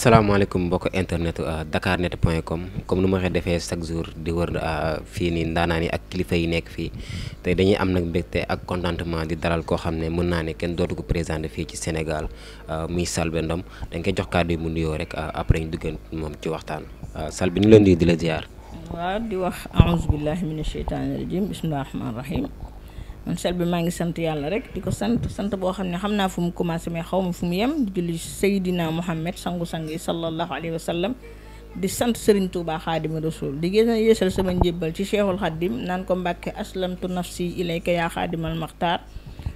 salaamaaleykum mbokk internet euh, dakarnet point com comme nu ma waxee defee chaque jour di wër euh, fii nii ndaanaan yi ak kilifa yi nekk fii tey dañuy am nag mbégte ak contentement di dalal koo xam ne mën naa ne kenn dootu ko présenté fii ci Sénégal euh, muy Selbé Ndom dañ koy jox kàddu yi mu nuyoo rek après ñu duggeen moom ci waxtaan Selbé ñu leen di di la ziar. waaw di wax aouzu billahi mina sheytaani rajim bismillahi rahmaani rahim man sel bi maa ngi sant yàlla rek di ko sant sant boo xam ne xam naa fu mu commencé may xaw ma fu mu yem di julli Seydina Muhammad sangu-sang yi sallallahu alayhi wa di sant Serigne Touba Xaadimu Rasul di gën a sama njébbal ci Cheikhul Xaadim naan ko Mbàkke aslamtu nafsi ilayka yaa xaadimal maxtaar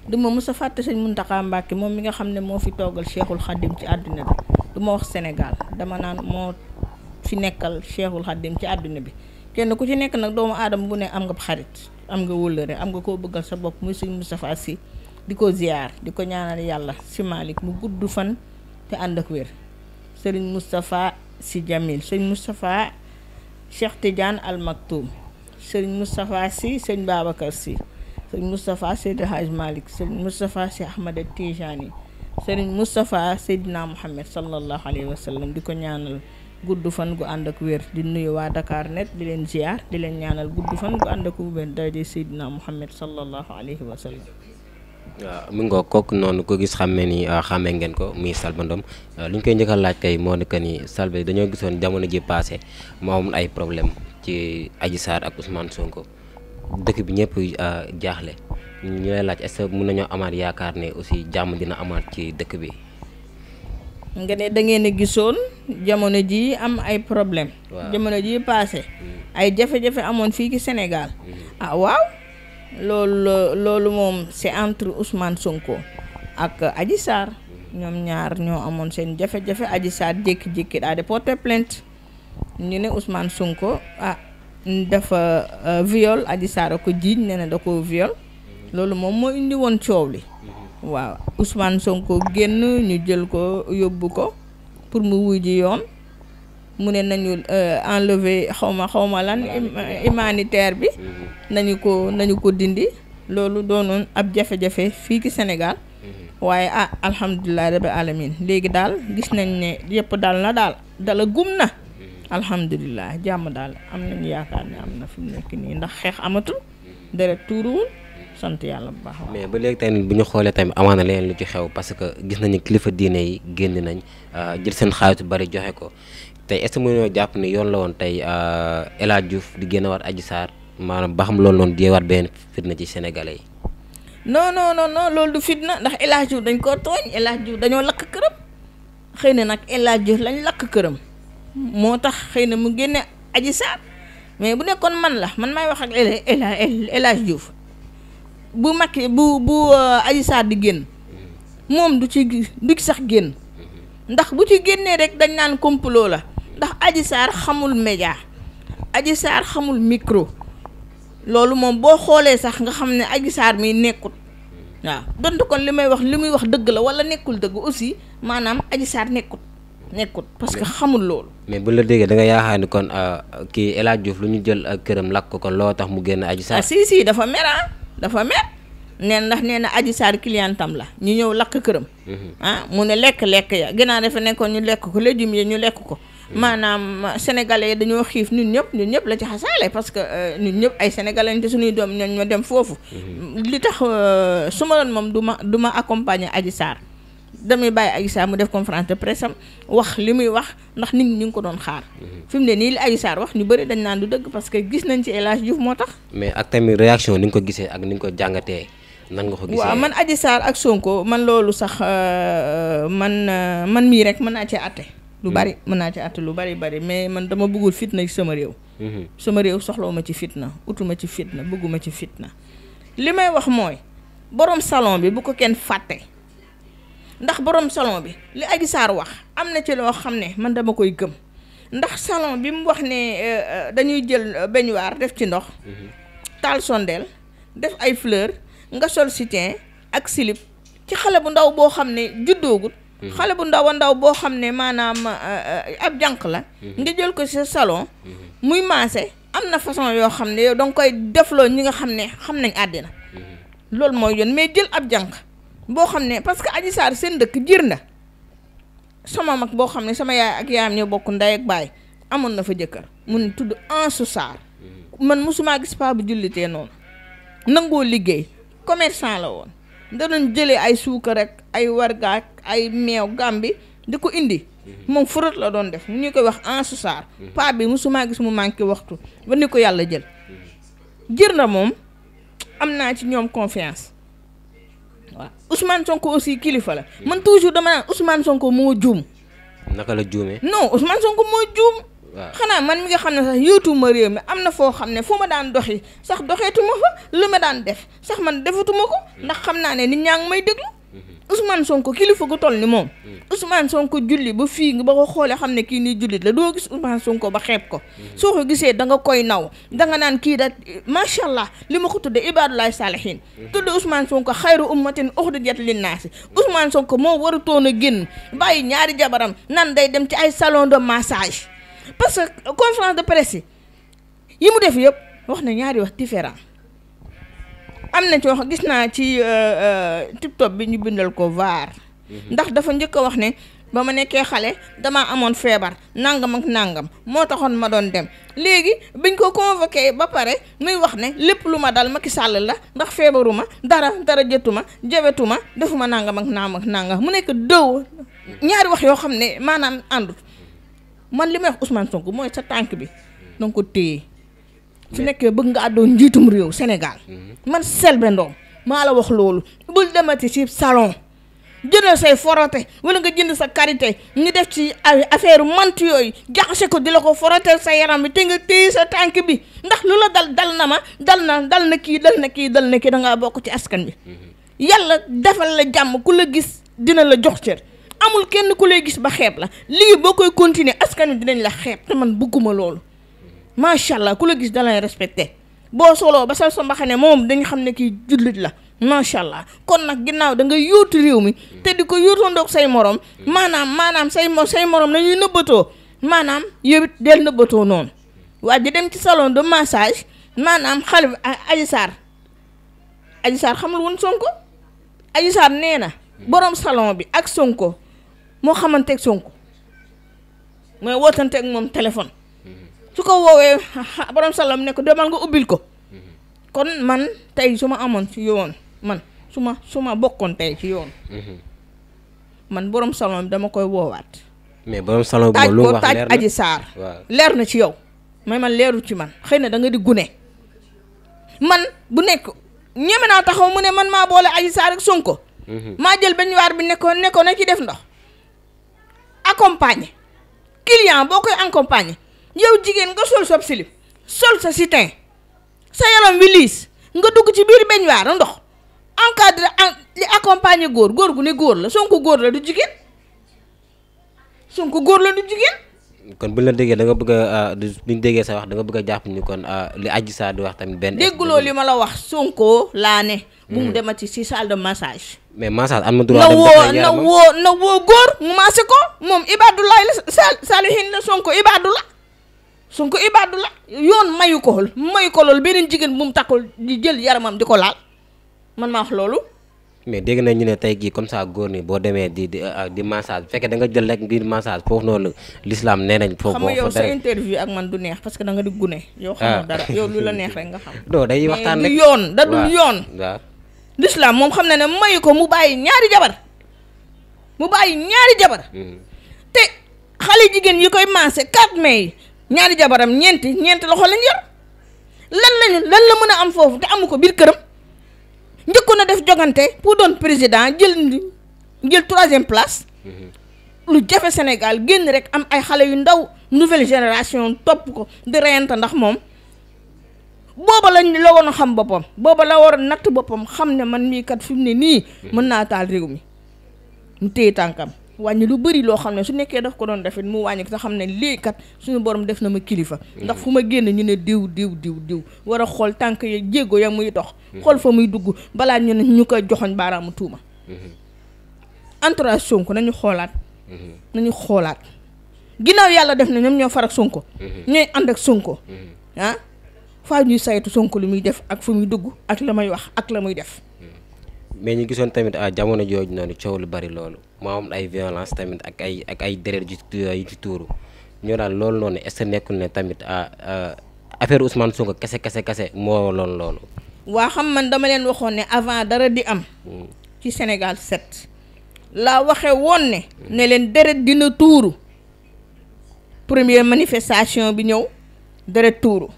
du ma mës a fàtte sëñ Muntaxa Mbàkke moom mi nga xam ne moo fi toogal Cheikhul Xaadim ci àdduna bi du wax Sénégal dama naan moo fi nekkal Cheikhul Xaadim ci àdduna bi kenn ku ci nekk nag doomu aadama bu ne am xarit am nga wóllëre am nga koo bëggal sa bopp muy sëñ Moustapha si di ko ziar di ko ñaanal yàlla si Malick mu gudd fan te ànd ak wér sëriñ Moustapha Sy Jamil sëñ Moustapha Cheikh Tidiane Al Maktoum sëñ Moustapha Sy sëñ Babacar si sëñ Moustapha Seydi Haj Malick sëñ Moustapha Sy Ahmada Tijani sëriñ Moustapha Seydina Mouhamed sallallahu alayhi wa di ko ñaanal gudd fan gu ànd ak wér di nuyu waa Dakar net di leen ziar di leen ñaanal gudd fan gu ànd ak wér daje Seydina Muhammad sallallahu alayhi wa sallam. waaw mi nga kook noonu ko gis xam ne ni ah, xàmmee ngeen ko muy Selbé Ndom ah, li ñu koy njëkk laaj kay moo nekk ni Selbé dañoo gisoon jamono ji paase moom ay problème ci aji Sarr ak Ousmane Sonko dëkk bi ñëpp ah, jaaxle ñu lay laaj est-ce nañoo amaat yaakaar ne aussi jàmm dina amaat ci dëkk bi. nga ne da ngeen gisoon jamono ji am ay problème jamono ji paase mm. ay jafe-jafe amoon fii ci Sénégal mm. ah waaw loolu loolu moom c'est entre Ousmane Sonko ak Adji Sarr mm. ñoom ñaar ñoo amoon seen jafe-jafe Adji saar jékki-jékki daal di porter ñu ne Ousmane Sonko ah dafa euh, viole Adji Sarr a ko jiiñ ne da ko viol loolu moom moo indi woon coow li waaw Ousmane Sonko génn ñu jël ko yóbbu ko pour mu wuy ji yoon mu ne nañu euh, enlever xawma xawma lan humanitaire bi mhm. nañu ko nañu ko dindi loolu doonoon ab jafe-jafe fii ci senegal mhm. waaye ah alhamdulilah rabbi alamin léegi daal gis nañ ne yëpp dal na daal dala gum na mhm. alhamdulilah jàmm daal am nañu yaakaar ne am na fi mu nekk nii ndax xeex amatul deret tuuruwul sant yàlla bu baax mais ba léegi tamit bu ñu xoolee tamit amaana leneen lu ci xew parce que gis nañu kilifa diine yi génn nañ euh, jël seen xaalis bari joxe ko tey est ce que mënuñoo jàpp ni yoon la woon tey euh, El Hadj di génn waat Adji Sarr maanaam ba xam loolu noonu di yeewaat benn fitna ci sénégalais yi. non non non non loolu du fitna ndax El Hadj Diouf dañ koo tooñ El Hadj dañoo lakk këram xëy na nag El Hadj Diouf lañ lakk këram moo tax xëy na mu génne Adji Sarr mais bu nekkoon man la man maay wax ak El El El Hadj bu Macky bu bu euh, Adji Sarr di génn moom du ci du ci sax génn ndax bu ci génnee rek dañ naan complot la ndax Adji Sarr xamul média Adji Sarr xamul micro loolu moom boo xoolee sax nga xam ne Adji Sarr mi nekkut waaw donte kon li may wax li muy wax dëgg la wala nekkul dëgg aussi maanaam Adji Sarr nekkut nekkut parce que xamul loolu. mais bu la déggee da nga yaakaar ni kon euh, kii El Hadj Diouf lu ñu jël ak këram lakk ko kon loo tax mu génn Adji Sarr. ah dafa mer ah. dafa mer neen ndax nee na Adji Sarr clientam la ñu ñëw lakk këram mhm. ah mu ne lekk-lekk ya gannaaw dafa nekkoon ñu lekk ko légumes yi ñu lekk ko mhm. maanaam sénégalais dañoo xiif ñun ñëpp ñun ñëpp la ci xasaale parce que euh, ñun ñëpp ay sénégalais te suñuy doom ñoom ñoo dem foofu mhm. li tax euh, su ma doon moom du ma du ma accompagner Adji Sarr damay bàyyi Agisaar mu def conférence de presse wax li muy wax ndax nit ñi ñu ko doon xaar. Mhm. fi mu ne nii li Agisaar wax ñu bëri dañ naan du dëgg parce que gis nañ ci El Hadj moo tax. mais ak tamit réaction ni nga ko gisee ak ni nga ko jàngatee. nan nga ko gisee waaw man Adji Sarr ak Sonko man loolu sax euh, man euh, man mii rek mën naa cee àtte. lu mhm. bari mën naa cee àtte lu bari bari mais man dama bëggul fitna ci sama réew. Mhm. sama réew soxlawuma ci fitna utuma ci fitna bëgguma ci fitna. li may wax mooy borom salon bi bu ko kenn fàtte. ndax borom salon bi li Adji Sarr wax am na ci loo xam ne man dama koy gëm ndax salon bi mu wax ne euh, euh, dañuy jël euh, baignoire def ci ndox mhm. taal sondeel def ay fleur nga sol soutien ak slip ci xale bu ndaw boo xam ne juddoogul mhm. xale bu ndaw ndaw boo xam ne maanaam ab jànq la mhm. nga jël ko sa salon muy maase am na façon yoo xam ne yow danga koy defloo ñi nga xam ne xam nañ àddina loolu mooy yoon mais jël ab jànq boo xam ne parce que Adji Sarr seen dëkk jir na sama mag boo xam ne sama yaay ak yaayam ñoo bokk ndey ak baay amoon na fa jëkkër mun tudd Ansu Sarr man mosumaa gis paa bu jullitee noonu nangoo liggéey commerçant la woon nda doon jëlee ay suukar rek ay warga ay meew gambi di ko indi moom furat la doon def mu ñu koy wax Ansu Sarr paa bi mosumaa gis mu manqué waxtu ba ni ko yàlla jël jër na moom am naa ci ñoom confiance waaw Ousmane Sonko aussi kilifa la man toujours dama naan Ousmane Sonko moo juum. naka la juumee. non Ousmane Sonko moo juum. waaw xanaa man mi nga xam ne sax yëtuma réew mi am na foo xam ne fu ma daan doxi sax doxeetuma fa lu ma daan def sax man defatuma ko hmm. ndax xam naa ne nit ñaa ngi may déglu. Mhm. Ousmane Sonko kilifa ko toll ni moom. Mhm. Ousmane Sonko julli ba fii nga ba ko xoolee xam ne kii nii jullit la doo gis Ousmane Sonko ba xeeb ko. Mhm. soo ko gisee danga koy naw da nga naan kii da macha allah li ma ko tuddee ibaadullahi saalihiin. tudd Ousmane Sonko xayru ummatin uxrijat linnaasi Ousmane Sonko moo warutoon a génn bàyyi ñaari jabaram nan day dem ci ay salon de massage parce que conférence de presse yi mu def yëpp wax na ñaari wax différent am na ci wax gis naa ci euh, euh, tiktok bi ñu bindal ko vaar. Mhm. ndax dafa njëkk a wax ne ba ma nekkee xale damaa amoon feebar nangam ak nangam moo taxoon ma doon dem léegi biñ ko convoqué ba pare muy wax ne lépp lu ma dal Macky sàll la ndax feebaru ma dara dara jëtu ma jabetu ma defu ma nangam ak naam ak nàngam mu nekk dëw ñaari wax yoo xam ne maanaam àndut man li may wax Ousmane Sonko mooy sa tànk bi na ko téye. fi nekkee bëgg nga àddoon njiitum réew Sénégal. Mhm. man Selbé Ndom maa la wax loolu bul demati ci salon jëndal say forote wala nga jënd sa karité ñu def ci affaire mant yooyu jaxase ko di la ko foroteel sa yaram bi te nga téye sa tànk bi ndax lu la dal dal na ma dal na dal na kii dal na kii dal na kii da ngaa bokk ci askan bi mhm. yàlla defal la jàmm ku la gis dina la jox cër amul kenn ku lay gis ba xeeb la lii boo koy continuer askan bi dinañ la xeeb te man bëgguma loolu. macha allah ku la gis dalay respecté boo soloo ba sal sa mbaxane moom dañu xam ne kii jullit la macha allah kon nag ginnaaw da nga yóotu réew mi te di ko yóotandoog say moroom maanaam maanaam say say morom ñuy nëbbatoo maanaam yow it del nëbbatoo noonu waa di dem ci salon de massage maanaam xale bi Adji Sarr Adji Sarr xamul woon Sonko Adji Sarr nee na borom salon bi ak Sonko moo xamanteeg Sonko mooy wootanteeg moom téléphone. su ko woowee borom salaam ne ko demal nga ubbil ko mm-hmm. kon man tey su ma amoon ci yoon man su ma su ma bokkoon tey ci yoon mm-hmm. man borom salon dama koy woowaat mais borom salon bi lu wax leer na aji saar leer na ci yow mais man leeru ci man xëy na da nga di gune man bu nekk ñeme naa taxaw mu ne man maa boole aji saar ak ko mm-hmm. maa jël benn waar bi nekkoon nekkoon na ci def ndox accompagner client boo koy accompagner yow jigéen nga sol sa silib sol sa sitin sa yaram wi liis nga dugg ci biir baignoire ndox encadré en li accompagner góor góor gu ne góor la ko góor la du jigéen Sonko góor la du jigéen. kon bu ñu la déggee da nga bëgg a sa wax da bëgg a jàpp ni kon li Adji Sarr di wax tamit li ma la wax Sonko laa ne. bu mu hmm. demati ci salle de massage. mais massage am na droit dem na woo góor mu maase ko moom Ibadou la Salihin la Sonko Ibadou la. suñ ko ibaadu la yoon mayu ko lool ko lool beneen jigéen bu mu takkul di jël yaramam di ko laal man maa wax loolu. mais dégg nañ ñu ne tey jii comme ça góor ni boo demee di di ah, di massage bu fekkee da nga jël rek ngir massage foofu noonu lislaam nee nañ. foofu boo fa yow ak man du parce que da nga di gune. yow ah. xamoo la neex nga xam. doo day waxtaan rek yoon da dul yoon. waaw moom xam na ne mayu ko mu bàyyi ñaari jabar mu bàyyi ñaari jabar. Hmm. te xale jigéen yi koy maase 4 mai. ñaari jabaram ñeenti ñeenti loxo lañ yor lan lañu lan la mën a am foofu te amu ko biir këram njëkkoon na def jogante pour doon président jël jël place mm-hmm. lu jafe Sénégal génn rek am ay xale yu ndaw nouvelle génération topp ko di reyante ndax moom booba lañ la waroon xam boppam booba la waroon natt boppam xam ne man mii kat fi mu ne nii mm-hmm. mën naa taal réew mi mu téye tànkam wàññi lu bëri loo xam ne su nekkee daf ko doon defit mu wàññi ko te xam ne lii kat suñu borom def na ma kilifa mhm. ndax fu ma génn ñu ne diw diw diw diw war a xool tànk ya jéego ya muy dox mhm. xool fa muy dugg balaa ñu ne ñu koy joxoñ baaraamu tuuma mhm. entourage Sonko nañu xoolaat nañu xoolaat ginnaaw yàlla def na ñoom ñoo far ak Sonko ñooy ànd ak sunko ah faa ñuy saytu Sonko lu muy def ak fu muy dugg ak la may wax ak la muy def mais ñu gisoon tamit ah jamono jooju noonu coow lu bari loolu moom am ay violence tamit ak ay ak ay déret yu ci tuuru ñu daal loolu noonu est-ce que nekkul ne tamit ah, ah, affaire Ousmane Sonko kase kase kase moo loon loolu. waa xam man dama leen waxoon ne avant dara di am. Hmm. ci Sénégal set laa waxe woon ne. ne leen déret dina tuuru première manifestation bi ñëw déret tuuru.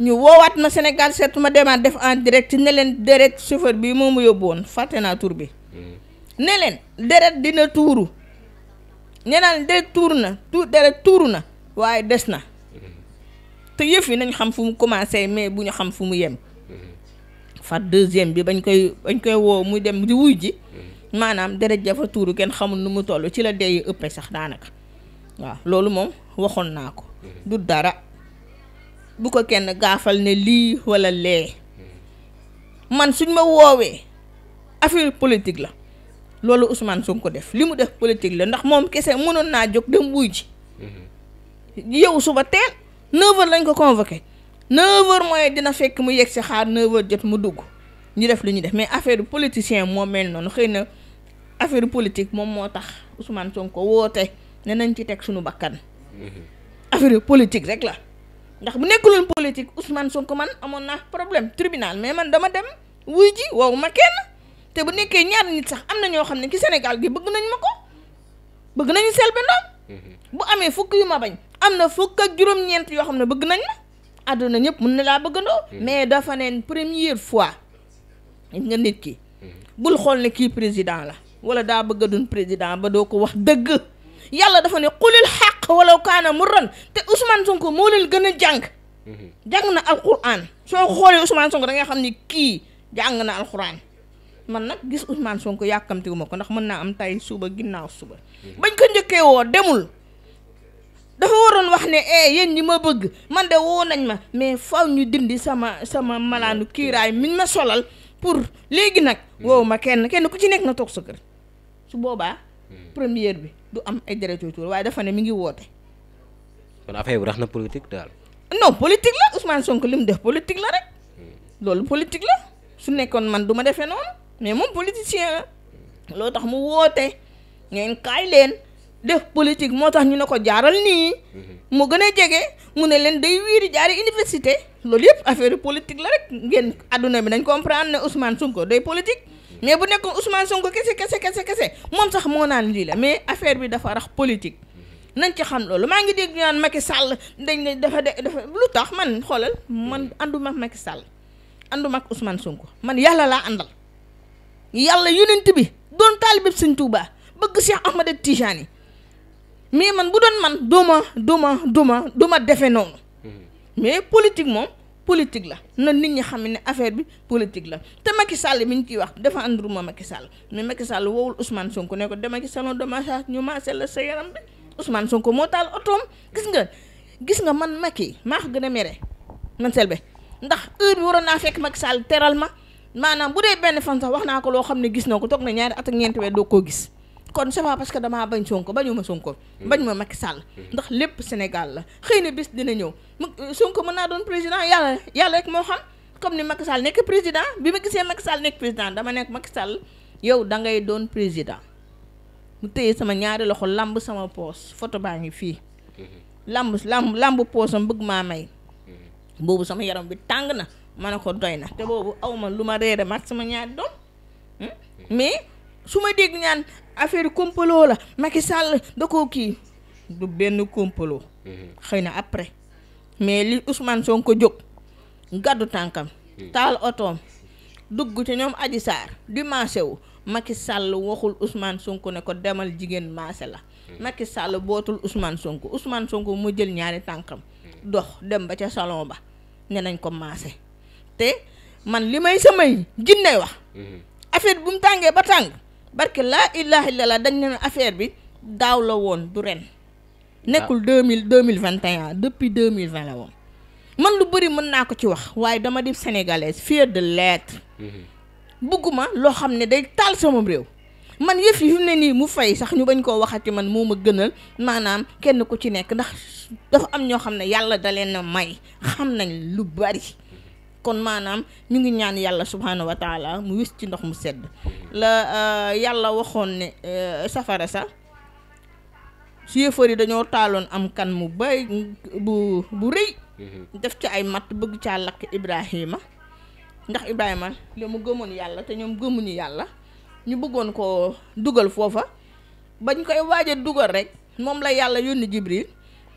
ñu woowaat ma Sénégal seetu ma demaat def en direct ne leen deret chauffeur bi moo ma yóbbu woon fàtte naa tur bi mm. ne leen deret dina tuuru nee naa leen deret tuuru na tu deret tuuru na waaye des na mm. te yëf yi nañ xam fu mu commencé mais bu ñu xam fu mu yem mm. far deuxième bi bañ koy bañ koy woo muy dem di wuy ji maanaam deret jafa tuuru kenn xamul nu mu toll ci la dee yi ëppee sax daanaka waaw loolu moom waxoon naa ko du dara bu ko kenn gaafal ne lii walla lee man suñ ma woowee affaire politique la loolu Ousmane ko def li mu def politique la ndax moom kese mënoon naa jóg dem wuy ji yow suba teel 9h lañ ko convoqué 9h mooy dina fekk mu yegg si xaar 9h jot mu dugg ñu def li ñu def mais affaire politicien moo mel noonu xëy na affaire politique moom moo tax Ousmane ko woote ne nañ ci teg suñu bakkan mhm. affaire politique rek la. ndax bu nekkuloon politique Ousmane Sonko man amoon naa problème tribunal mais man dama dem wuy ji wow ma kenn te bu nekkee ñaar nit sax am na ñoo xam ne ci Sénégal gi bëgg nañ ma ko bëgg nañu Selbé Ndom mhm. bu amee fukk yu ma bañ am na fukk ak juróom-ñeent yoo xam ne bëgg nañ ma àdduna ñëpp mun na laa bëggandoo mhm. mais dafa neen première fois nga nit ki mhm. bul xool ne kii président la wala daa bëgg a doon président ba doo ko wax dëgg yàlla dafa ne xulil xaq walaw kaana murran te Ousmane Sonko moo leen gën a jàng. Mhm. jàng na alquran soo xoolee Ousmane Sonko da nga xam ni kii jàng na alquran man nag gis Ousmane Sonko yàkkamtiwu ma ko ndax mën naa am tay suba ginnaaw suba. Mhm. bañ ko njëkkee woo demul. dafa waroon wax ne eh yéen ñi ma bëgg man de woo nañ ma mais faw ñu dindi sama sama malaanu kiiraay miñ ma solal pour mhm. léegi nag. wow ma kenn kenn ku ci nekk na toog sa kër su boobaa. première bi du am ay deret yu tuur waaye dafa ne mi ngi woote. kon affaire bi rax na politique daal. non politique la li mu def politique la rek loolu politique la su nekkoon man du ma defee noonu mais moom politicien la loo tax mu woote ngeen kaay leen def politique moo tax ñu ne ko jaaral nii mu gën a jege mu ne leen day wiiri jaari université loolu yëpp affaire politique la rek ngeen adduna bi dañ comprendre ne Ousmane Sonko day politique. mais bu nekkoon Ousmane Sonko kese kese kese kese moom sax moo naan lii la mais affaire bi dafa rax politique. nañ ci xam loolu maa ngi dégg ñu naan Macky Sall ndañ ne dafa de dafa lu tax man xoolal man ànduma ak Macky Sall ànduma ak Ousmane Sonko man yàlla laa àndal yàlla yonent bi doon taalibe Sëñ Tuubaa bëgg Cheikh Ahmada Tijani mais man bu doon man duma duma duma duma defe noonu mm-hmm. mais politique moom. politique la na nit ñi xam ne affaire bi politique la te Macky Sall mi ñu ciy wax dafa ànduruma Macky Sall mais Macky Sall woowul Ousmane Sonko ne ko dama ci salon de massage ñu maasee la sa yaram bi Ousmane Sonko moo taal otoom gis nga gis nga man Macky maa ko gën a mere man bi ndax heure bi waroon naa fekk Macky Sall teral ma maanaam bu dee benn fan sax wax naa ko loo xam ne gis na ko toog na ñaari at ak ñeenti doo koo gis. kon c'est pas parce que damaa bañ Sonko bañu ma Sonko hmm. bañ ma Macky Sall hmm. ndax lépp Sénégal la xëy na bis dina ñëw ko mën naa doon président yàlla yàlla rek moo xam comme ni Macky Sall nekk président bi ma gisee Macky Sall nekk président dama nekk Macky Sall yow da ngay doon président mu téye sama ñaari loxo làmb sama poos photo baa ngi fii hmm. làmb làmb làmb poosam bëgg maa may boobu sama yaram bi tàng na ma ne ko doy na te boobu awma lu ma reere maag sama ñaari doom affaire complot la Macky sàll da koo kii du benn complot. Mhm. xëy na après mais li Ousmane Sonko jóg gàddu tànkam. Mhm. taal otoom dugg ci ñoom Adji Sarr di maase wu Macky Sall waxul Ousmane Sonko ne ko demal jigéen maase la. Mhm. Macky Sall bootul Ousmane Sonko Ousmane Sonko mu jël ñaari tànkam. dox dem ba ca salon ba ne nañ ko maase te man li may samay jinney wax. affaire bu mu tàngee ba tàng. barke laa ilaha illallah dañ ne affaire bi daaw la woon du ren. nekkul ah. deux mille deux mille vingt et depuis deux mille vingt la man lu bëri mën naa ko ci wax waaye dama di sénégalaise fière de l'être. Mm-hmm. bugguma loo xam ne day taal sama réew. man yëf yi fi mu ne nii mu fay sax ñu bañ koo waxati man moo ma gënal maanaam kenn ku ci nekk ndax dafa am ñoo xam ne yàlla da leen a may xam nañ lu bari. kon maanaam ñu ngi ñaan yàlla subhaanahu wa taala mu wis ci ndox mu sedd la euh, yàlla waxoon ne euh, safara sa su yi dañoo taaloon am kan mu bay bu bu rëy mm-hmm. def ci ay matt bëgg caa lakk Ibrahima ndax Ibrahima li mu gëmoon yàlla te ñoom gëmuñu yàlla ñu bëggoon ko dugal foofa bañ koy waaja dugal rek moom la yàlla yónni Jibril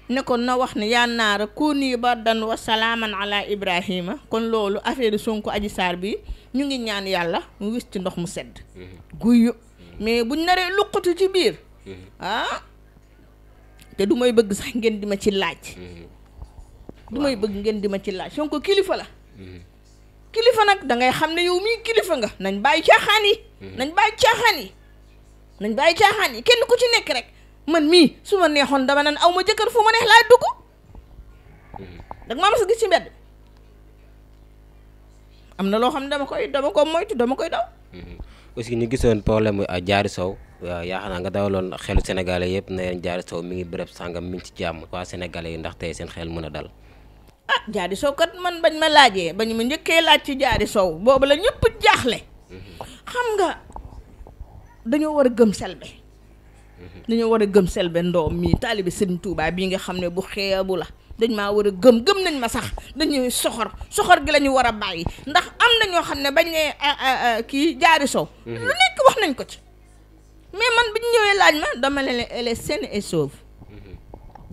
ne ko na wax ne yaa naara kuuni bardan wa salaaman ala ibrahima kon loolu affaire Sonko Adji Sarr bi ñu ngi ñaan yàlla mu wis ci ndox mu sedd mm-hmm. guyu mais buñ naree luqatu ci biir mm-hmm. ah te du may bëgg sax ngeen di ma ci laaj mm-hmm. du may bëgg ngeen di ma ci laaj Sonko kilifa la kilifa nag dangay xam ne yow mii kilifa nga nañ bàyyi caaxaan yi nañ bàyyi caaxaan yi caaxaan yi kenn ku ci nekk rek man mii su ma neexoon dama naan aw ma jëkkër fu ma neex laay dugg dag maa mas a gis ci mbedd am na loo xam ne dama koy dama ko moytu dama koy daw mm-hmm. aussi ni gisoon problème ah, Diary Sow waaw yaakaar naa nga dawaloon xelu sénégalais yëpp na leen Diary Sow mi ngi bërëb sàngam mi ngi ci jàmm waa sénégalais yi ndax tey seen xel mun a dal ah Diary Sow kat man bañ ma laajee bañ ma njëkkee laaj ci jaari Sow boobu la ñëpp jaaxle mm-hmm. xam nga dañoo war a gëm selbe Mhm. dañoo war a gëm Selbé Ndom mii taalibe Sëriñ Tuubaa bii nga xam ne bu xeebu la dañ maa war a gëm gëm nañ ma sax dañuy soxor soxor gi la war a bàyyi ndax am na ñoo xam ne bañ ne kii jaari soow mhm. lu nekk wax nañ ko ci mais man bi ñu ñëwee laaj ma dama leen elle est saine et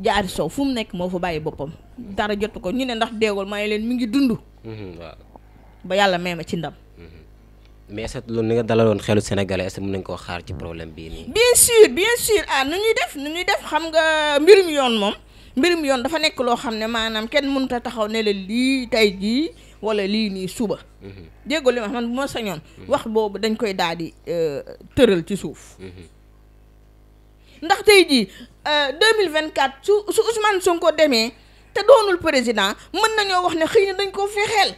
jaari mhm. sow fu mu nekk moo fa bàyyi boppam dara jotu ko ñu ne ndax deewul maa leen mu ngi dund ba yàlla may ma ci ndam mais sa loolu ni nga dalaloon xelu sénégalais est-ce que mën nañ koo xaar ci problème bi nii. bien sûr bien sûr ah nu ñuy def nu ñuy def xam nga mbirum yoon moom mbirum yoon dafa nekk loo xam ne maanaam kenn mënut a taxaw ne la lii tey jii wala lii nii suba. Mhm. déggoo li ma man bu ma mhm. wax boobu dañ koy daal di euh, tëral ci suuf. Mhm. ndax tey jii 2024 euh, su su Ousmane ko demee te doonul président mën nañoo wax ne xëy na dañ koo fexeel.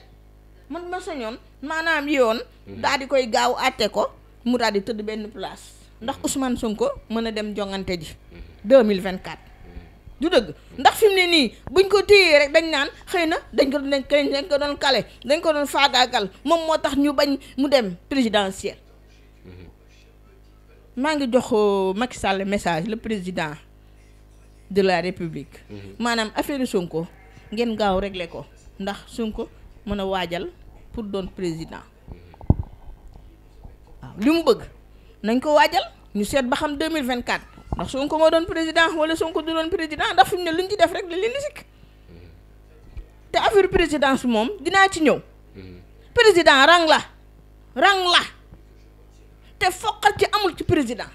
man ma sañoon maanaam yoon. Mhm. daal di koy gaaw àtte ko mu daal di tëdd benn place mhm. ndax Ousmane ko mën a dem jongante ji. 2024. Mhm. du dëgg ndax fi mu ne nii buñ ko téyee rek dañ naan xëy na dañ ko dañ ko dañ ko doon kale dañ ko doon faagaagal moom moo tax ñu bañ mu dem présidentiel. maa ngi jox euh, Macky Sall message la président de la république. maanaam affaire Sonko ngeen gaaw régler ko ndax sun ko mën a waajal. pour doon président waaw li mu bëgg nañ ko waajal ñu seet ba xam 2024 ndax Sonko moo doon président wala Sonko du doon président ndax fi ne lu ñu ci def rek li leen di sikk te affaire présidence moom dinaa ci ñëw président rang la rang la te foqar ci amul ci président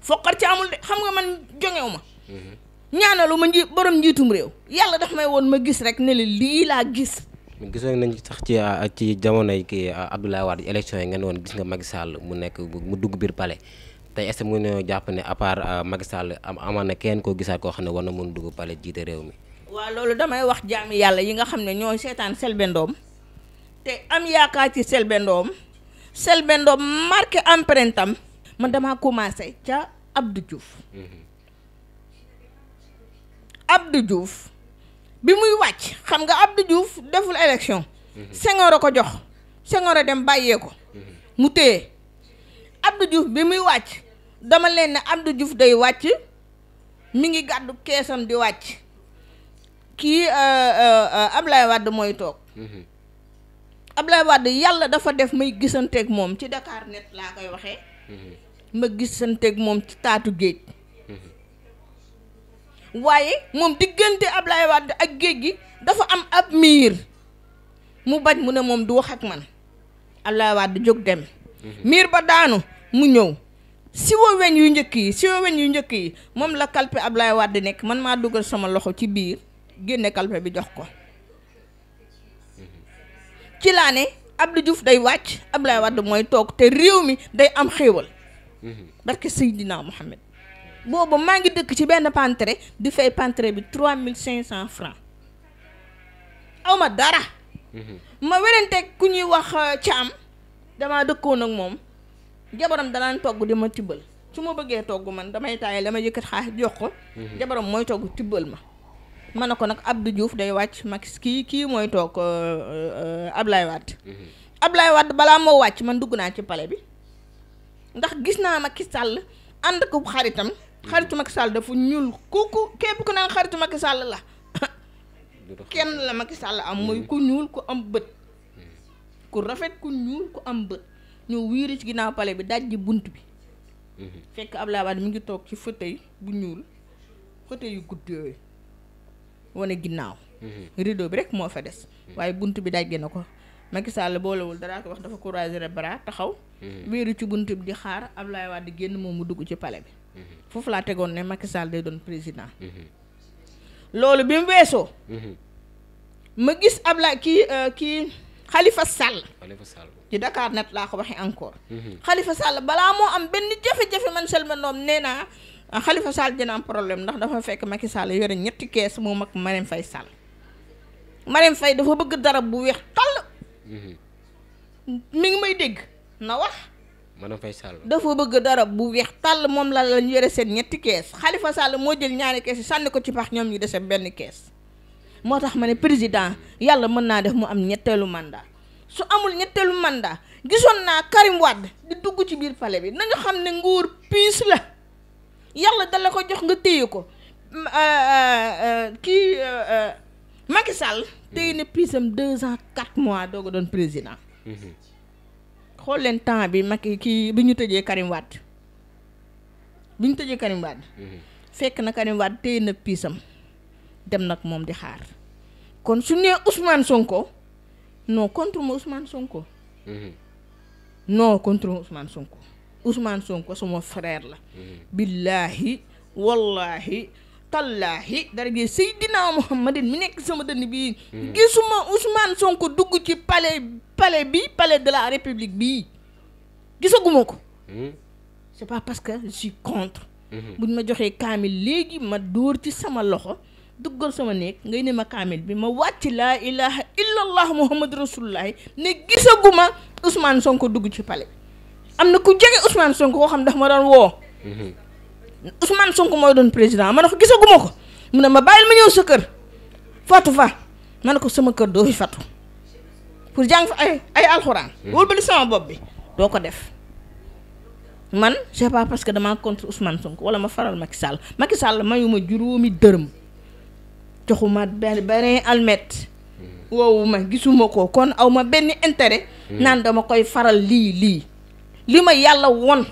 foqar ci amul de xam nga man jongewu ma mhm. ñaanalu ma nji borom njiitum réew yàlla daf may woon ma gis rek ne la lii laa gis gisoon nañ sax ci ah, ci jamonoy kii ah, Abdoulaye Wade élection yi ngeen woon gis nga Macky Sall mu nekk mu dugg biir palais te est-ce que mu ngi jàpp ne à part ah, Macky Sall am amoon na kenn koo gisaat koo xam ne war na mun dugg palais jiite réew mi. waa loolu damay wax jaami yàlla yi nga xam ne ñoo seetaan Selbé Ndom te am yaakaar ci Selbé Ndom Selbé Ndom marqué empreinte man damaa commencé ca Abdou Diouf. Mhm. Abdou bi muy wàcc xam nga Abdou Diouf deful élection mhm. Senghor a ko jox Senghor a dem bàyyee ko mhm. mu téye Abdou bi muy wàcc dama leen ne Abdou Diouf day wàcc mi ngi gàddu keesam di wàcc kii euh, euh, euh, Ablaye Wade mooy toog mhm. Ablaye Wade yàlla dafa def may gisanteeg moom ci Dakar net laa koy waxee ma gisanteeg moom ci taatu géej waaye moom diggante Ablaye Wade ak géej gi dafa am ab miir mu bañ mu ne moom du wax ak man Ablaye Wade jóg dem mhm. miir ba daanu mu ñëw si weñ yu njëkk yi si weñ yu njëkk yi moom la kalpe Ablaye Wade nekk man maa dugal sama loxo ci biir génne kalpe bi jox ko mhm. ci laa ne Abdou Diouf day wàcc Ablaye Wade mooy toog te réew mi day am xéewal mhm. barke Seydina Mouhamed boobu maa ngi dëkk ci benn pantre di fay pantre bi trois mille cinq cent francs aw ma dara mhm. ma werante ku ñuy wax euh, am damaa dëkkoon ak moom jabaram danaan togg di ma tibbal su ma bëggee togg man damay taayal damay yëkkat xaalis jox ko mhm. jabaram mooy togg tibbal ma ma ne ko nag ab du Diouf day wàcc Macky kii kii mooy toog euh, euh, Ablaye Wade mhm. Ablaye Wade balaa moo wàcc man dugg naa ci pale bi ndax gis naa Macky sàll ànd ko xaritam xaritu Macky Sall dafa ñuul kooku képp ku naa xaritu Macky Sall la kenn la Macky Sall am mooy ku ñuul ku am bët ku rafet ku ñuul ku am bët ñëw wiiri ci ginnaaw pale bi daj ji bunt bi mm-hmm. fekk ab Wade mi ngi toog ci fauteuil bu ñuul fauteuil yu gudd yooyu wane ginnaaw mm-hmm. rideau bi rek moo fa des mm-hmm. waaye bunt bi dajje na ko Macky Sall boolewul dara ko wax dafa croiser les bras taxaw wéeru ci bunt bi di xaar ab Abdoulaye di génn moom mu dugg ci pale bi Mm-hmm. foofu laa tegoon ne Macky Sall day doon président. Mm-hmm. loolu bi mu weesoo. Mm-hmm. ma gis Abla kii euh, kii Khalifa Sall. Khalifa di ci Dakar net laa ko waxee encore. Khalifa Sall balaa moo am benn jafe-jafe man Selma Ndom nee naa euh, Khalifa Sall dina am problème ndax dafa fekk Macky Sall yore ñetti kees moom mag Marème fay Sall. Marème Faye dafa bëgg dara bu weex tàll. mi ngi may dégg na wax. madame Faye Sall dafa bëgg dara bu weex tàll moom la lañ yore seen ñetti kees Khalifa Sall moo jël ñaari kees yi sànni ko ci pax ñoom ñu dese benn kees moo tax ma ne président yàlla mën naa def mu am ñetteelu mandat su amul ñetteelu mandat gisoon naa Karim Wade di dugg ci biir palais bi nañu xam ne nguur piis la yàlla dala ko jox nga téye ko euh, euh, kii euh, Macky Sall téye ne piisam deux ans quatre mois doo ko doon président mhm. xool leen temps bi Macky kii bi ñu tëjee Karim Wade bi ñu tëjee Karim Wade mhm. fekk na Karim Wade téye piisam dem nag moom di xaar kon su nee Ousmane Sonko non contre ma Ousmane Sonko. Mhm. non contre ma Ousmane Sonko Ousmane Sonko sama frère la. Mhm. billaahi wallaahi. tallaahi dara gi Seydina Muhammadin mi nekk sama dënn bii gisuma Ousmane Sonko dugg ci palais palais bi pale de la République bii gisaguma ko hmm. c'est pas parce que je suis contre hmm. buñ ma joxee kaamil léegi ma dóor ci sama loxo duggal sama néeg ngay ne ma kaamil bi ma wàcc laa ilaha illallah muhammad rasulullahi ne gisaguma Ousmane Sonko dugg ci pale am na ku jege Ousmane Sonko koo xam daf ma daan woo hmm. Ousmane Sonko mooy doon président ma ne ko gisaguma ko mun ne ma bàyyil ma ñëw sa kër fatu fa ma ne ko sama kër doo fi fatu pour jàng fa ay ay alxuraan. Hmm. wëlbali sama bopp bi doo ko def. man c'est pas parce que damaa contre Ousmane Sonko wala ma faral Macky Sall Macky Sall mayuma juróomi dërëm joxuma benn benn almet hmm. woowu ma gisuma ko kon aw ma benn intérêt. Hmm. naan dama koy faral lii lii li ma yàlla won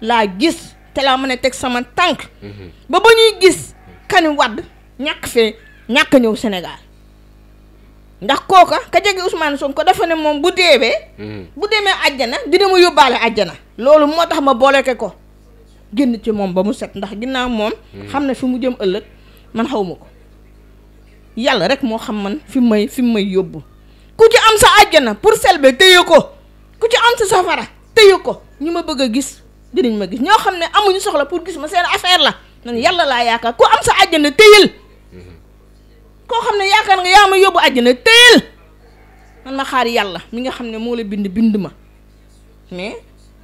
laa gis. te laa mën a teg sama tànk. Mhm. ba ba ñuy gis Karim Wade ñàkk fee ñàkk ñëw Sénégal ndax kooka ka jege Ousmane ko dafa ne moom bu deewee. Mhm. bu demee àjjana dina mu yóbbaale àjjana. loolu moo tax ma booleke ko génn ci moom ba mu set ndax ginnaaw moom. Mhm. xam ne fi mu jëm ëllëg man xaw ma ko yàlla rek moo xam man fi may fi may yóbbu ku ci am sa àjjana pour Selbé téye ko ku ci am sa safara téye ko ñu ma bëgg a gis. dinañ ma gis ñoo xam ne amuñu soxla pour gis ma seen affaire la man yàlla laa yaakaar ku am sa àjjana téyel koo xam ne yaakaar nga yaa ma yóbbu àjjana téyel man ma xaar yàlla mi nga xam ne moo la bind bind ma mais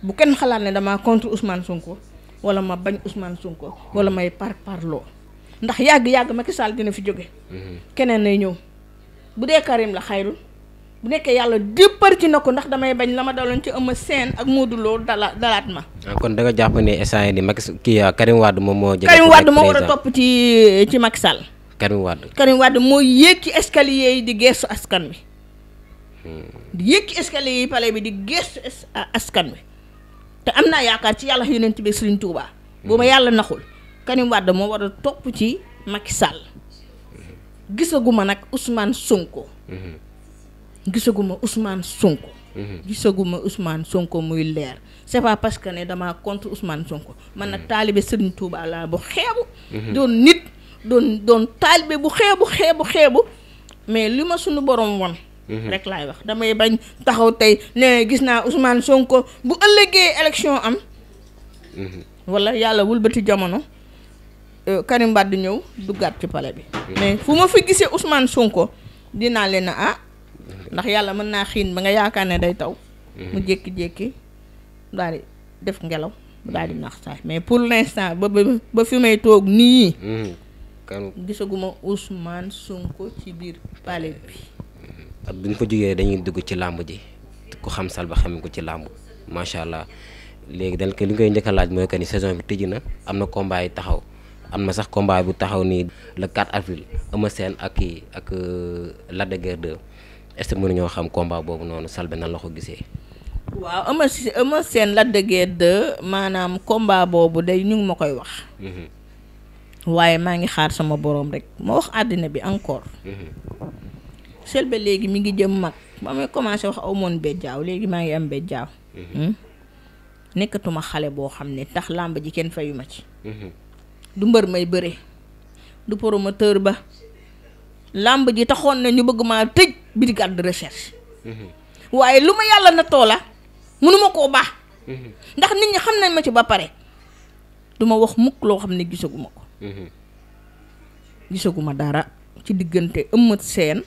bu kenn xalaat ne damaa contre Ousmane Sonko wala ma bañ Ousmane Sonko wala may par parloo ndax yàgg yàgg Macky Sall dina fi jóge mhm. keneen nay ñëw bu dee Karim la xayrul bu nekkee yàlla dépparti na ko ndax damay bañ la ma daloon ci Eumeu seen ak moo Lo dala dalaat ma. Ah, kon danga nga jàpp ne instant yii nii kii ah, Karim Wade moom moo. jëlee Karim Wade moo war a topp ci ci Macky Sall. Karim Wade Karim Wade moo yéeg ci escalier yi di geestu askan wi. Hmm. di yéeg ci escalier yi palais bi di geestu ah, askan wi te am naa yaakaar ci yàlla yonent bi Serigne Touba. bu ma hmm. yàlla naxul Karim Wade moo war topp ci Macky Sall hmm. gisaguma nag Ousmane Sonko. gisaguma Ousmane Sonko. Mhm. gisaguma Ousmane Sonko muy leer c'est pas parce que ne dama contre Ousmane Sonko man nag mhm. taalibe Serigne Touba laa bu xeebu. Mhm. doon nit doon doon taalibe bu xeebu xeebu xeebu mais li ma sunu borom won rek laay wax damay bañ taxaw tey ne gis naa Ousmane Sonko bu ëllëgee élection am. wala yàlla wulbati jamono euh, Karim Wade ñëw duggaat ci palais bi. mais fu ma fi gisee Ousmane Sonko dinaa leen ah. ndax yàlla mën naa xiin ba nga yaakaar ne day taw. Mhm. mu jékki-jékki daal di def ngelaw mhm. daal di nax saay mais pour l' instant ba ba ba fi may toog nii. Mhm. kan gisaguma Ousmane Sonko ci biir palais bi. bu ñu ko jógee dañuy dugg ci làmb ji ku xam Salba xam ko ci làmb macha allah léegi dañ li ñu njëkka laaj mooy que ni saison bi tëj na am na combat yi taxaw. am na sax combat bu taxaw nii le 4 avril ama seen ak kii ak euh, Lac de Guiers est-ce que mënuñoo xam combat boobu noonu Selbé na la ko gisee. waaw Eumeu Eumeu Sène Lac de Guiers maanaam komba boobu day ñu ngi ma koy wax. Mhm. waaye maa ngi xaar sama boroom rek ma wax àddina bi encore. Mhm. Selbé léegi mi ngi jëm mag ba may commencé wax aw moon bejjaaw léegi maa ngi am bejjaaw. Mhm. Hmm? nekkatuma xale boo xam ne tax làmb ji kenn fayu ma ci. du mbër may bëre. du promoteur ba. làmb ji taxoon na ñu bëgg maa tëj. brigade de recherche. Mhm. waaye lu ma yàlla na toola mënuma koo baax. Mhm. ndax nit ñi xam nañ ma ci ba pare du ma wax mukk loo xam ne gisaguma ko. Mhm. gisaguma dara ci diggante Eumeu seen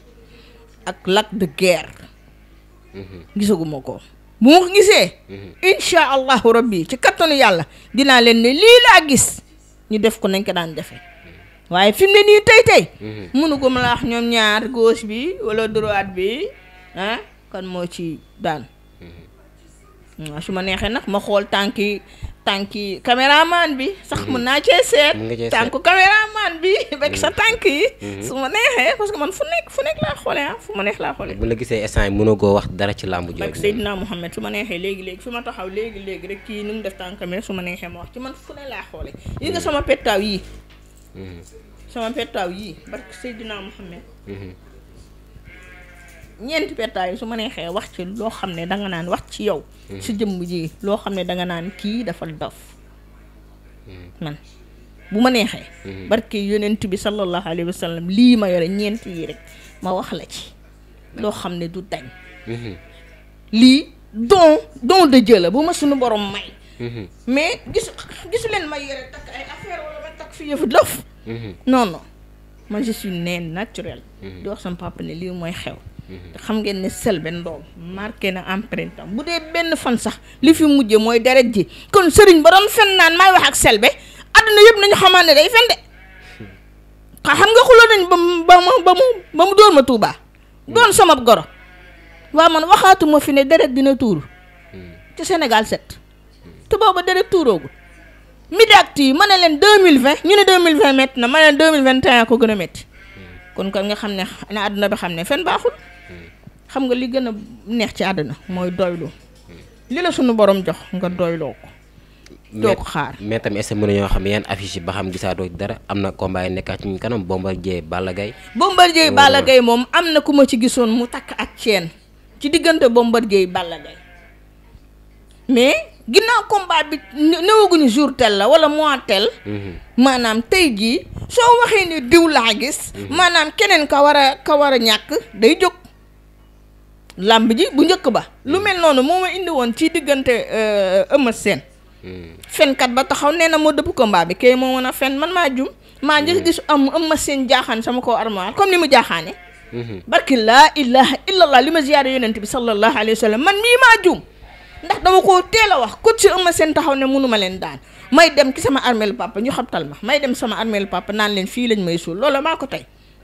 ak Lac de Guiers. gisaguma ko bu ma ko gisee. incha allahu rabbi ci kattanu yàlla dinaa leen ne lii laa gis ñu def ko nañ ko daan defee. waaye fi mu ne nii tey tey. mënu mhm. ko ma la wax ñoom ñaar gauche bi wala droite bi ah kan moo ci daan. Mhm. waaw su ma neexee nag ma xool tànki tànki caméraman bi sax mën naa cee seet. tànku caméraman bi bekk mhm. tànk yi. su ma neexee parce que man fu nekk fu nekk laa xoolee ah fu ma neex laa xoolee. bu la gisee instant yi koo wax dara ci làmb jooju. ak Seydina Mohamed su ma neexee léegi léegi su ma taxaw léegi léegi rek kii nu mu def tànkam rek su ma neexee ma wax ci man fu ne laa xoolee. yi nga yii sama pettaaw yii barke Seydina Muhammad mhm. ñeenti pettaaw yi su ma neexee wax ci loo xam ne danga naan wax ci yow si mhm. jëmm ji loo xam ne danga naan kii dafa dof mhm. man bu ma neexee barke yonent bi sallallahu alayhi wa lii ma yore ñeent yi rek ma wax la ci loo xam ne du dañ lii don don la bu ma suñu borom may mais gisu gisu leen takk ay affaire nekk fi yëfu dof mhm. non non man je suis née naturelle mhm. sama papa ne lii mooy xew mhm. te xam ngeen ne selbe Ndom marqué na empreinte am bu dee benn fan sax li fi mujje mooy deret ji kon sëriñ ba doon fen naan maay wax ak Selbé àdduna yëpp nañu xamaan ne day fen de xam nga xuloo nañ ba mu ba mu ba mu dóor ma Touba doon sama goro waaw man waxaatuma fi ne deret dina tuuru ci Sénégal set te booba deret tuuroogul midi actu yi ma ne leen deux mille vingt ñu ne deux mille vingt métti na ma ne leen deux mille vingt et un ko gën a métti hmm. kon kon nga xam ne na àdduna bi xam ne fen baaxul hmm. xam nga li gën a neex ci àdduna mooy doylu hmm. li la sunu borom jox nga doyloo ko. doo ko xaar mais tamit est-ce que mën nañoo xam yan affiche yi ba xam gisaatoo dara am na combat yi nekkaat ci ñu kanam Bombardier Balla Gaye. Bombardier oh. Balla Gaye moom am na ku ma ci gisoon mu takk ak ceen ci diggante Bombardier Balla Gaye mais ginnaaw combat bi newaguñu jour tel la wala mois tel. Mhm. maanaam tey jii soo waxee ni diw laa gis. Mhm. maanaam keneen ka war a ka war a ñàkk day jóg. làmb ji bu njëkk ba lu mhm. mel noonu moo ma indi woon ci diggante euh, Eumeu Sène fenkat ba taxaw nee na moo dëpp combat bi kay moo mën a fen man maa jum maa njëkk gis am Eumeu Sène jaaxaan sama kaw armoire comme ni mu jaaxaane barki laa ilaha illallah li ma ziyaare yonent bi sallallahu alayhi wa man mii maa jum ndax dama koo teel a wax coach Eumeu Sène taxaw ne mënuma leen daan may dem ki sama armeelu papa ñu xabtal ma may dem sama armeelu papa naan leen fii lañ may suul loola maa ko tey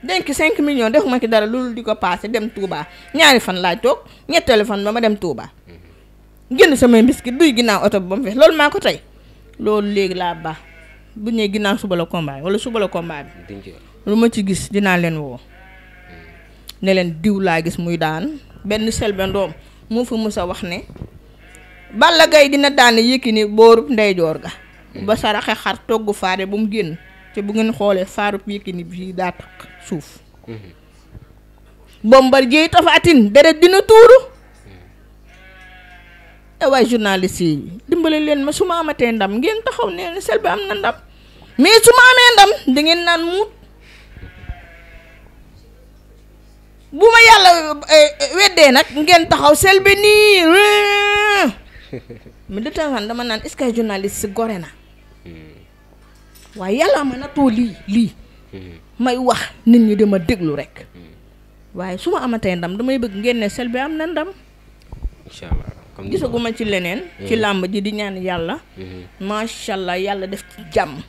denk 5 millions ma ci dara loolu di ko passé dem Touba ñaari fan laaj toog ñetteelu fan ba ma dem Touba génn samay mbiskit duy ginnaaw oto bi ba mu fees loolu maa ko tey loolu léegi laa baax bu ñëwee ginnaaw suba la combat wala suba la combat bi lu ma ci gis dinaa leen woo ne leen diw laa gis muy daan benn selbe ndoom moo wax ne Balla gay dina daan Yékini boorub ndeyjoor ga ba saraxe xar togg faare bu mu génn te bu ngeen xoolee faarub Yékini bi daa takk suuf Bombardier Tapha Tine deret dina tuuru e waaye journaliste yi dimbale leen ma su ma amatee ndam ngeen taxaw ne Selbé am na ndam mais su ma amee ndam da naan muut bu ma yàlla eh, eh, weddee nag ngeen taxaw Selbé nii mi de temps dama naan est-ce que journaliste si gore na hmm. waaye yàlla na natoo lii lii hmm. may wax nit ñi dama déglu rek hmm. waaye su ma amatee ndam damay bëgg ngeen ne Selbé am na ndam incha allah gisaguma ci leneen ci làmb ji di ñaan yàlla macha allah yàlla def ci jàmm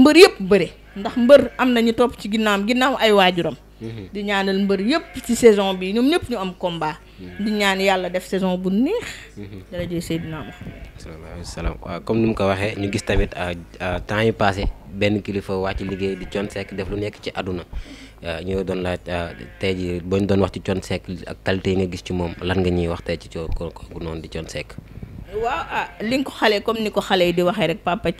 mbër yëpp bëre ndax mbër am na ñu topp ci am ginnaaw ay waajuram. Mhm. di ñaanal mbër yëpp ci saison bi ñoom ñëpp ñu am combat. Mhm. di ñaan yàlla def saison bu neex. dara mhm. jëy Seydina Muhammad. salaamaaleykum salaam comme ni mu ko waxee ñu gis tamit euh, euh, temps yu passé benn kilifa ci liggéey di Thione Seck def lu nekk ci àdduna euh, ñoo doon laaj tey jii boo doon wax ci Thione ak qualité yi nga gis ci moom lan nga ñuy wax ci coono kooku noonu di Thione Seck. waaw ah li nga ko xale comme ni ko xale yi di waxee rek papa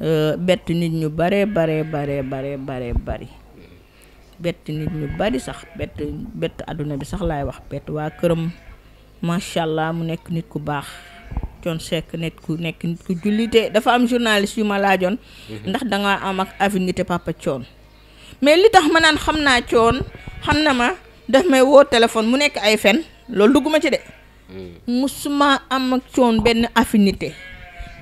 Euh, bett nit ñu bare bare bare bare bare bari bett nit ñu bari sax bett bett àdduna bi sax laay wax bett waa këram macha allah mu nekk nit ku baax Thione Seck nekk ku nekk nit ku jullite dafa am journaliste yu ma laa laajoon mhm. ndax danga am ak avinité papa Thione mais li tax ma naan xam naa Thione xam na ma daf may woo téléphone mu nekk ay fen loolu dugg ma ci de mhm. musuma am ak Thione benn affinité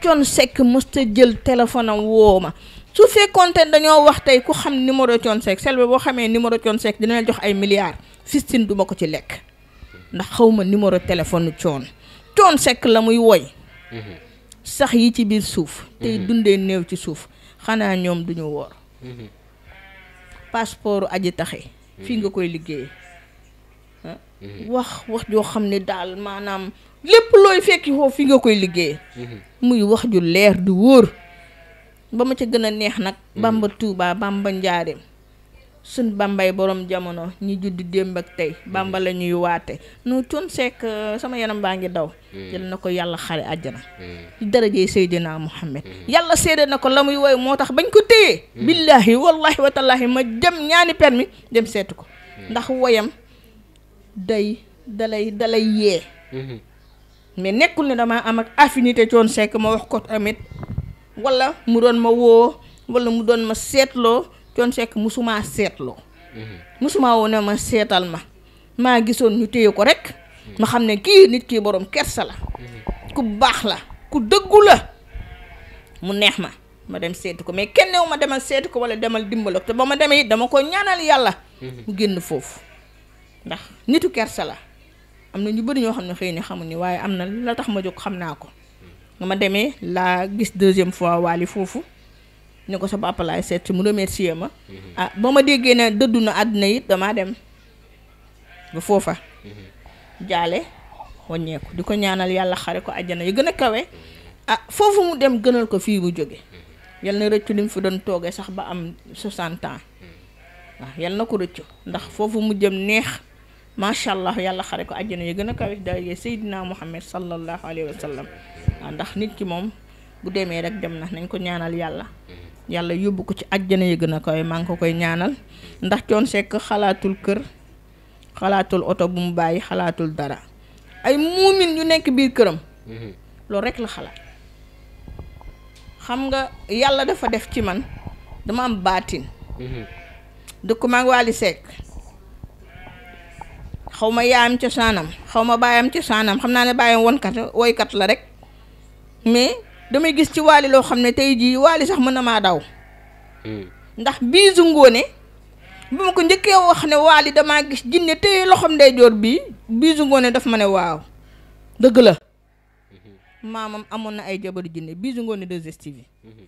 Thione Seck mësta jël téléphone woo ma su fekkoon fekkoonte dañoo wax tey ku xam numéro Thione Seck Selbé boo xamee numéro Thione Seck dina jox ay milliards fistine duma ko ci lekk ndax xawma numéro téléphone Thione Thione sekk la muy woy mm-hmm. sax yi ci biir suuf tey mm-hmm. dundee néew ci suuf xanaa ñoom duñu woor mm-hmm. passeport aji taxe fii nga koy liggéey wax wax joo xam ne daal maanaam lépp looy fekki foofu fi nga koy liggéey mm-hmm. muy wax ju leer du wóor. ba ma ca gën a neex nag. Mm-hmm. bamba tuuba bamba Njaareem. suñ bambay boroom jamono ñi judd démb ak tey mm-hmm. bamba la waate nu Thione Seck euh, sama yaram baa ngi daw. jël na ko yàlla xare àjjana. ci darajee Seydina Muhammad. yàlla seede na ko la muy woy moo tax bañ ko téye. billaahi wallaahi watallaahi ma dem ñaani permis dem seetu ko. ndax woyam day dalay dalay yee. mais nekkul ne damaa am ak affinité Thione Seck ma wax ko tamit walla mu doon ma woo wala mu doon ma seetloo Thione Seck musumaa seetloo mhm. musumaa woo ne ma seetal ma maa gisoon ñu téye ko rek ma xam ne kii nit kii boroom kersa la mhm. ku baax la ku dëggu la mu neex ma ma dem seetu ko mais kenn wu ma demal seeti ko wala demal dimbaloo te ba ma demee it dama ko ñaanal yàlla mhm. mu génn foofu ndax nitu kerse la am na ñu bëri ñoo xam ne xëy na xamuñu waaye am na la tax ma jóg xam naa ko nga ma demee laa gis deuxième fois waali foofu ne ko sa papa laay seet mu remercier ma mhm. ah ba ma déggee ne dëddu na àdduna it damaa dem ba foofa mhm. jaale waññeeku di ko ñaanal yàlla xare ko àjjana yu gën a kawe ah foofu mu dem gënal ko fii mu jóge mhm. yal na rëccu li mu fi doon toogee sax ba am 60 ans waaw ah, na ko rëccu ndax foofu mu jëm neex macha allah yàlla xare ko àjjana yi gën a kawe daraja Seydina Muhammad sallallahu alayhi wa sallam ah, ndax nit ki moom bu demee rek dem na nañ ko ñaanal yàlla yàlla yóbbu ko ci àjjana yi gën a kawe maa ngi ko koy ñaanal ndax coon sekk xalaatul kër xalaatul oto bu mu bàyyi xalaatul dara ay muumin yu nekk biir këram loolu rek la xalaat xam nga yàlla dafa def ci man dama am baatin mhm. dëkku maa ngi xaw ma yaayam cosaanam xaw ma baayam cosaanam xam naa ne baayam wonkat woykat la rek mais damay gis ci waali loo xam ne tey jii waali sax mën na maa daw hmm. ndax biisu ngoone bi ma ko njëkkee wax ne waali damaa gis jinne tey loxoom ndeyjoor bii biisu ngóone daf ma ne waaw dëgg la hmm. maamam amoon na ay jabaru jinne biisu ngoone de gestive hmm.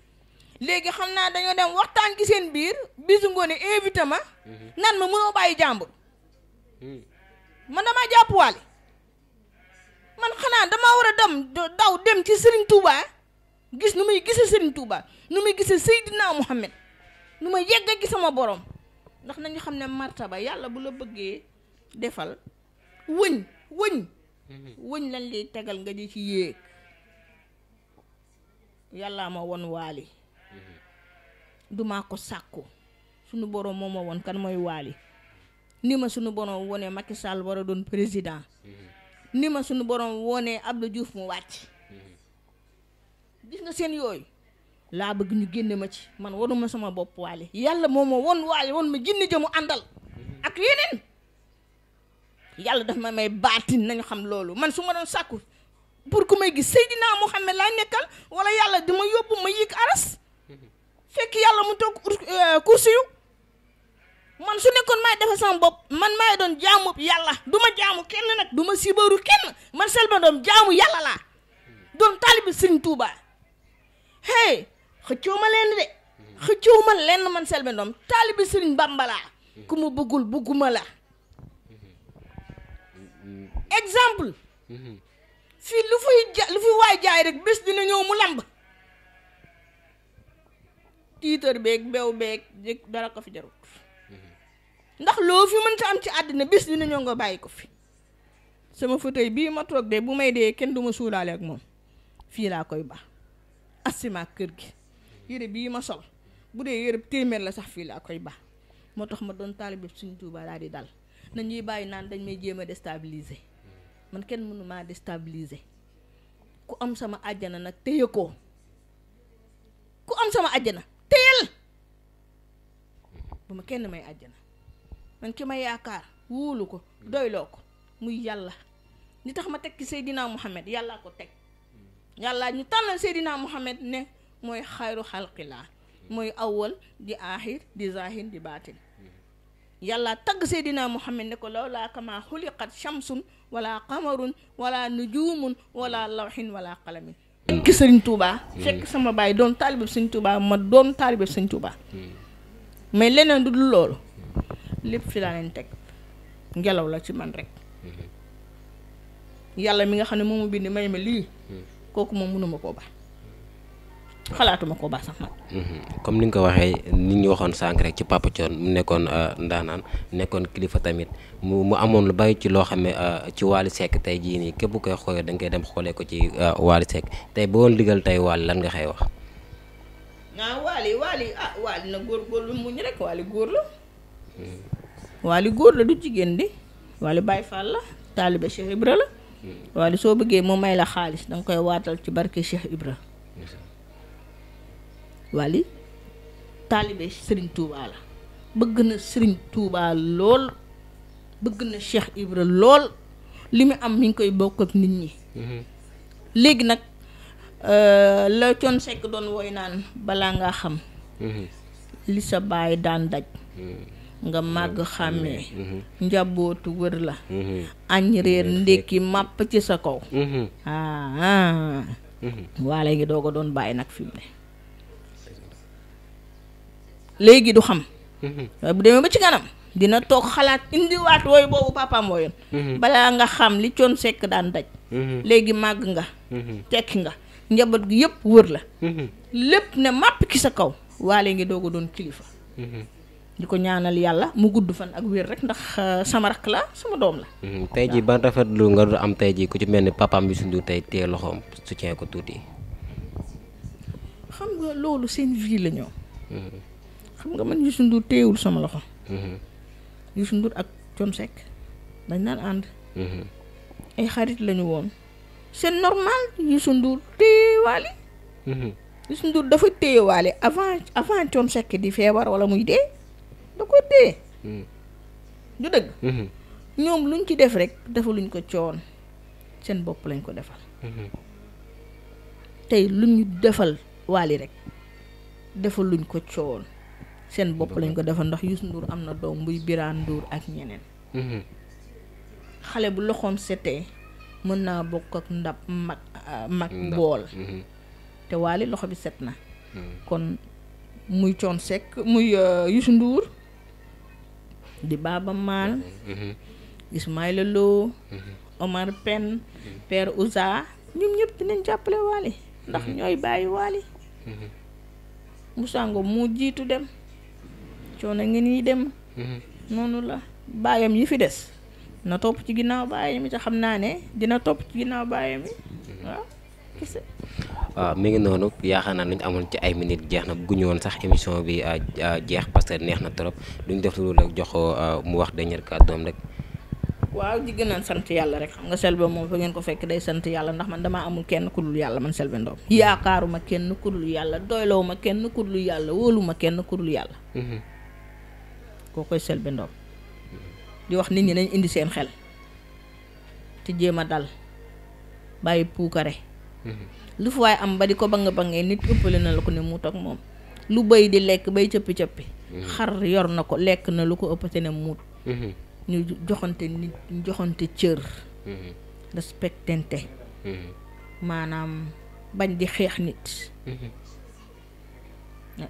léegi xam naa dañoo dem waxtaan ci seen biir biisu ngóone invité ma naan ma mënoo bàyyi jàmbur man damaa jàppuwaale man xanaa damaa war a dem daw dem ci Serigne Touba gis nu muy gisee sëriñ Touba nu may gis gisee Seydina Mouhamed nu ma yegg a gis sama borom ndax nañu xam ne martaba yàlla bu la bëggee defal wëñ wëñ. wëñ lañ lay tegal nga di ci yéeg yàllaa ma won waali. Mm-hmm. dumaa ko sàkku sunu borom moo ma won kan mooy waali. ni ma sunu borom wone Macky Sall war a doon président ni ma sunu borom wone Abdou Diouf mu wàcc gis nga seen yooyu laa bëgg ñu génne ma ci man waruma sama bopp waale yàlla moo ma won waale won ma jinni mu àndal ak yeneen yàlla daf ma may baatin nañu xam loolu man su ma doon sàkku pour ku may gis moo xam ne laa nekkal wala yàlla dama yóbbu ma yéeg aras fekk yàlla mu toog euh, kursi man su nekkoon maay defal sama bopp man maay doon jaamu yàlla du ma jaamu kenn nag du ma sibaru kenn man Selbé jaamu yàlla laa doon taalibi Sëriñ Tuuba hey xëccoo ma leen de xëccoo ma leen man Selbé Ndom taalibi Sëriñ Bàmba laa ku mu bëggul bëgguma la exemple fii lu fuy ja lu fuy waay jaay rek bés dina ñëw mu lamb tiitar beeg beew beeg dara ko fi jarul ndax loo fi mënta am ci àddina bis dina ñëw nga bàyyi ko fi sama fauteuil bii ma toog de bu may dee kenn du ma suulaale ak moom fii laa koy baax asima kër gi yére bii ma sol bu dee yére téeméer la sax fii laa koy baax moo tax ma doon taalibe suñu Tuuba di dal nañuy bàyyi naan dañ may jéem a déstabiliser man kenn mënu maa déstabiliser ku am sama àjjana nag téye ko ku am sama àjjana téyel bu ma kenn may àjjana man ki ma yaakaar wóolu ko doyloo ko muy yàlla li tax ma teg ci Seydina Muhammad yàllaa ko teg yàllaa ñu tànnal Seydina Muhammad ne mooy xayru xalqilaa mooy awal di aaxir di zahir di baatin yàlla tagg Seydina Muhammad ne ko lawlaa kamaa xuliqat shamsun wala qamarun wala nujumun wala lawxin wala qalamin fekk sëriñ Tuubaa fekk sama baay doon taalibeb sëriñ Tuubaa ma doon taalibeb sëriñ Tuubaa hmm. mais leneen du dul loolu lépp fi laa leen teg ngelaw la ci man rek mhm. yàlla mi nga xam ne moomu bind may ma lii mhm. kooku moom mënuma koo baax xalaatuma ko baax sax nag. Mhm. comme li nga ko waxee ni ñu waxoon sànq rek ci Papa Thione mu nekkoon euh, ndaanaan nekkoon kilifa tamit mu mu amoon lu bari ci loo xam ne euh, ci Wally sekk tey jii yi képp koy xoolee da koy dem xoolee ko ci euh, Wally Seck tey boo ligal tey Wally lan nga xay wax. ah Wally Wally ah Wally na góorgóorlu muñ rek Wally góor la. waali góor la du jigéen di waali Baay Faal la taalibe Cheikh Ibra la waali soo bëggee mu may la xaalis danga koy waatal ci barke Cheikh Ibra waali taalibe sëriñ Touba la bëgg na sëriñ Touba lool bëgg na Cheikh Ibra lool li mu am mu ngi koy bokk nit ñi léegi nag euh, la coon sekk doon woy naan balaa ngaa xam mhm. li sa baay daan daj mhm. nga màgg xàmmee mm-hmm. Mm-hmm. njabootu wër la mm-hmm. añ réer ndékki màpp ci sa kaw ah, ah. waale ngi doo ko doon bàyyi nag fi léegi du xam waaye bu demee ba ci kanam dina toog xalaat indiwaat wooyu boobu papaam wooyoon balaa nga xam li coon sekk daan daj léegi màgg nga tekki nga njaboot gi yépp wër la lépp ne màpp ki sa kaw waale ngi doo ko doon kilifa di ko ñaanal yàlla mu gudd fan ak wér rek ndax euh, sama rak la suma doom la. Hmm, tey jii ban rafetlu nga du am tey ji ku ci mel ni papaam bi sundu tey téye loxoom soutien ko tuuti. xam nga loolu seen vie la ñoom. Hmm. xam nga man Youssou Ndour téyewul sama loxo. Hmm. Youssou Ndour ak Thione Seck dañ naan ànd. ay xarit lañu woon. c'est normal Youssou Ndour téyewaale. Youssou Ndour dafa téyewaale avant avant Thione Seck di feebar wala muy dee. da ko téye. Hmm. du dëgg. Hmm. ñoom luñ ci def rek defaluñ ko coon seen bopp lañ ko defal. Hmm. tey lu ñu defal waali rek defaluñ ko coon seen bopp lañ ko defal ndax Youssou Ndour am na doom buy Birane Ndour ak ñeneen. xale bu loxoom setee mën naa bokk ak ndab mag ah, mag bool. te waali loxo bi set na. kon muy coon sekk muy euh, Youssou Ndour. di Baaba Maal mhm, mhm. Ismaïla Lo mhm. Omar Pène Père Ouza ñoom ñëpp dinañ jàppale ndax ñooy bàyyi Wally Moussa Ngom jiitu dem coono ngi nii dem noonu la baayam yi fi des na topp ci ginnaaw baayam yi te xam naa ne dina topp ci ginnaaw baayam yi waaw kese waaw mi ngi noonu yaakaar naa nañ amul ci ay minutes jeex na bëgguñu woon sax émission bi euh, euh, jeex parce que neex na lu ñu def lu rek jox euh, mu wax dernier kàddoom rek. waaw di gën a sant yàlla rek xam nga Selbé moom fa ngeen ko fekk day sant yàlla ndax man damaa amul kenn ku dul yàlla man Selbé Ndom hmm. yaakaaruma kenn ku dul yàlla doylawuma kenn ku dul yàlla wóoluma kenn ku dul yàlla. Hmm. koo koy Selbé di wax nit ñi nañ indi seen xel te jéem a dal bàyyi puukare. Hmm. lu fu waaye am ba di ko bang bangee nit ëppale na la ko ne mu toog moom lu bëy di lekk bay cëppi cëppi mm-hmm. xar yor na ko lekk na lu ko ëppate ne muut mm-hmm. ñu joxante nit ñu joxante cër mm-hmm. respectante maanaam bañ di xeex nit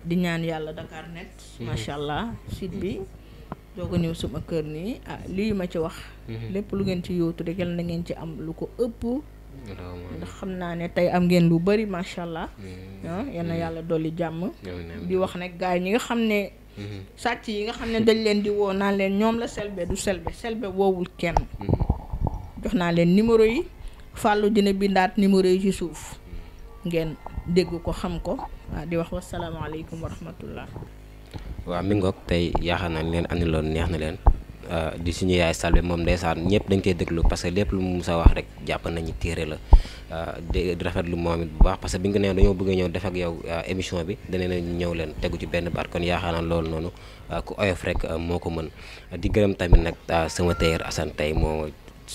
di ñaan yàlla Dakar net macha allah sit bi doo ko ñëw suma kër nii ah lii ma ci wax lépp lu ngeen ci yóotu rek yal na ngeen ci am lu ko ëpp ndax xam naa ne tey am ngeen lu bari macha allah. yenn ah, mm. yàlla dolli jàmm. di wax nag gars ñi nga xam ne. Mm-hmm. sàcc yi nga xam ne dañ leen di woo naa leen ñoom la selbe du selbe selbe woowul kenn. Mm-hmm. jox naa leen numéro yi fàllu dina bindaat numéro yi ci suuf mm. ngeen dégg ko xam ko waaw di wax wasalaamaaleykum wa rahmatullah. waaw mi ngoog tey yaakaar naa leen andiloon neex na leen. Euh, di suñu yaay Salbé moom ndeysaan ñëpp dañ koy déglu parce que lépp lu mu sa wax rek jàpp nañu téere la euh, di rafetlu moom it bu baax parce que bi nga ko nee dañoo bëgg a ñëw def ak yow euh, émission bi danañ la ñëw leen tegu ci benn baat kon yaakaar naa loolu noonu ku oyof rek moo ko mën di gërëm tamit nag sama tailleur Assane tey moo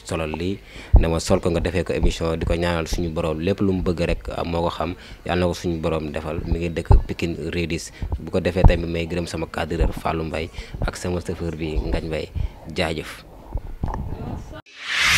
solal lii ne ma sol ko nga defee ko émission di ko ñaanal suñu boroom lépp lu mu bëgg rek moo ko xam yàlla na ko suñu boroom defal mi ngi dëkk Pikine Redis bu ko defee tamit may gërëm sama cadreur Fallou mbay ak sama chauffeur bi Ngagne Mbaye jaajëf